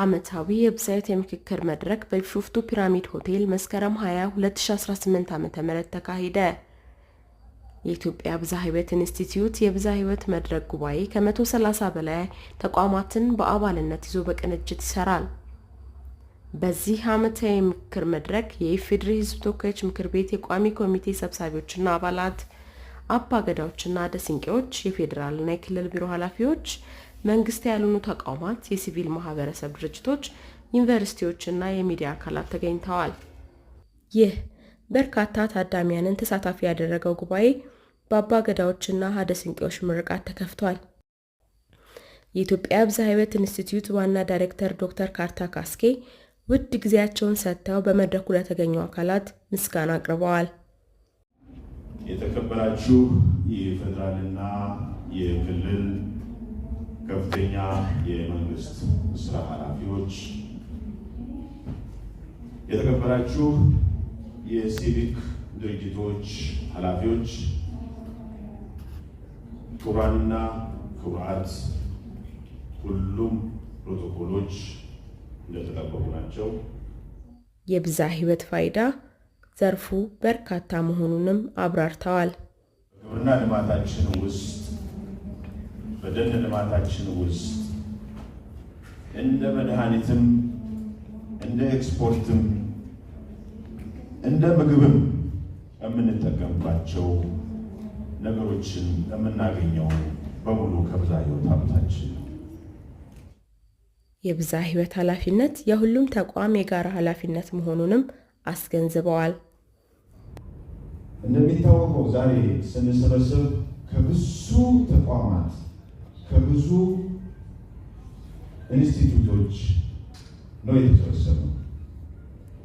ዓመታዊ የብሳይት የምክክር መድረክ በቢሾፍቱ ፒራሚድ ሆቴል መስከረም 20 2018 ዓ.ም ተካሄደ። የኢትዮጵያ ብዝሃ ሕይወት ኢንስቲትዩት የብዝሃ ሕይወት መድረክ ጉባኤ ከ130 በላይ ተቋማትን በአባልነት ይዞ በቅንጅት ይሰራል። በዚህ ዓመታዊ የምክክር መድረክ የኢፌዴሪ ሕዝብ ተወካዮች ምክር ቤት የቋሚ ኮሚቴ ሰብሳቢዎችና አባላት አባ ገዳዎችና ደሲንቄዎች፣ የፌዴራልና የክልል ቢሮ ኃላፊዎች፣ መንግስት ያልሆኑ ተቋማት፣ የሲቪል ማህበረሰብ ድርጅቶች፣ ዩኒቨርሲቲዎች እና የሚዲያ አካላት ተገኝተዋል። ይህ በርካታ ታዳሚያንን ተሳታፊ ያደረገው ጉባኤ በአባ ገዳዎችና ሀደ ስንቄዎች ምርቃት ተከፍቷል። የኢትዮጵያ ብዝሃ ሕይወት ኢንስቲትዩት ዋና ዳይሬክተር ዶክተር ካርታ ካስኬ ውድ ጊዜያቸውን ሰጥተው በመድረኩ ለተገኙ አካላት ምስጋና አቅርበዋል። የተከበራችሁ የፌዴራልና የክልል ከፍተኛ የመንግስት ስራ ኃላፊዎች፣ የተከበራችሁ የሲቪክ ድርጅቶች ኃላፊዎች፣ ክቡራንና ክቡራት፣ ሁሉም ፕሮቶኮሎች እንደተጠበቁ ናቸው። የብዛ ህይወት ፋይዳ ዘርፉ በርካታ መሆኑንም አብራርተዋል። ግብርና ልማታችን ውስጥ በደን ልማታችን ውስጥ እንደ መድኃኒትም እንደ ኤክስፖርትም እንደ ምግብም የምንጠቀምባቸው ነገሮችን የምናገኘው በሙሉ ከብዛ ሕይወት ሀብታችን ነው። የብዝሃ ሕይወት ኃላፊነት የሁሉም ተቋም የጋራ ኃላፊነት መሆኑንም አስገንዝበዋል። እንደሚታወቀው ዛሬ ስንሰበሰብ ከብዙ ተቋማት ከብዙ ኢንስቲትዩቶች ነው የተሰበሰበው።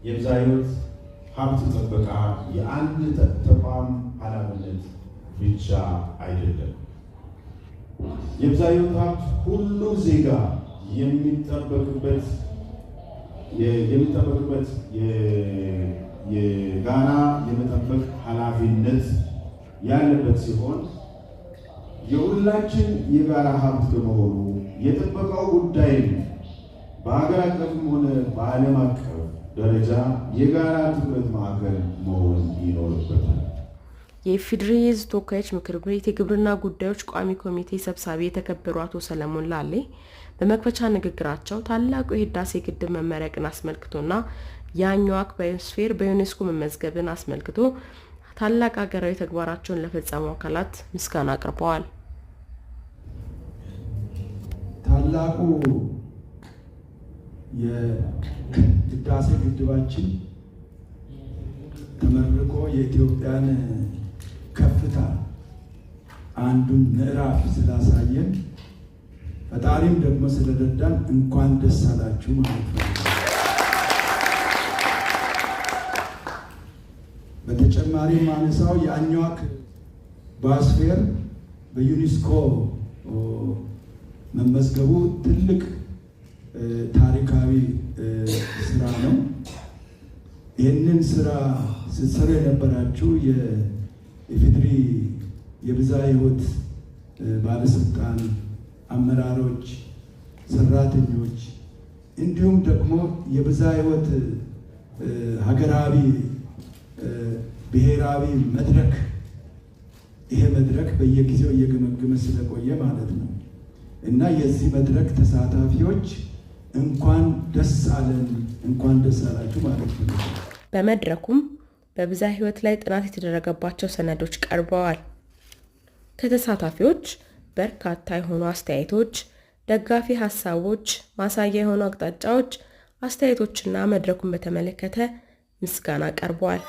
የብዝሃ ሕይወት ሀብት ጥበቃ የአንድ ተቋም ኃላፊነት ብቻ አይደለም። የብዝሃ ሕይወት ሀብት ሁሉም ዜጋ የሚጠበቅበት የሚጠበቅበት የጋራ የመጠበቅ ኃላፊነት ያለበት ሲሆን የሁላችን የጋራ ሀብት በመሆኑ የጥበቃው ጉዳይ በሀገር አቀፍም ሆነ በዓለም አቀፍ ደረጃ የጋራ ትኩረት ማዕከል መሆን ይኖርበታል። የኢፌዴሪ የሕዝብ ተወካዮች ምክር ቤት የግብርና ጉዳዮች ቋሚ ኮሚቴ ሰብሳቢ የተከበሩ አቶ ሰለሞን ላሌ በመክፈቻ ንግግራቸው ታላቁ የህዳሴ ግድብ መመረቅን አስመልክቶና የአኝዋክ ባዮስፌር በዩኔስኮ መመዝገብን አስመልክቶ ታላቅ ሀገራዊ ተግባራቸውን ለፈጸሙ አካላት ምስጋና አቅርበዋል። ታላቁ የህዳሴ ግድባችን ተመርቆ የኢትዮጵያን ከፍታ አንዱን ምዕራፍ ስላሳየን ፈጣሪም ደግሞ ስለረዳን እንኳን ደስ አላችሁ ማለት ነው። በተጨማሪ ማነሳው የአኟክ ባስፌር በዩኒስኮ መመዝገቡ ትልቅ ታሪካዊ ስራ ነው። ይህንን ስራ ስትሰሩ የነበራችሁ የኢፌዴሪ የብዝሃ ሕይወት ባለስልጣን አመራሮች፣ ሰራተኞች እንዲሁም ደግሞ የብዝሃ ሕይወት ሀገራዊ ብሔራዊ መድረክ ይሄ መድረክ በየጊዜው እየገመገመ ስለቆየ ማለት ነው እና የዚህ መድረክ ተሳታፊዎች እንኳን ደስ አለን እንኳን ደስ አላችሁ ማለት ነው። በመድረኩም በብዛ ህይወት ላይ ጥናት የተደረገባቸው ሰነዶች ቀርበዋል። ከተሳታፊዎች በርካታ የሆኑ አስተያየቶች፣ ደጋፊ ሀሳቦች፣ ማሳያ የሆኑ አቅጣጫዎች፣ አስተያየቶችና መድረኩን በተመለከተ ምስጋና ቀርበዋል።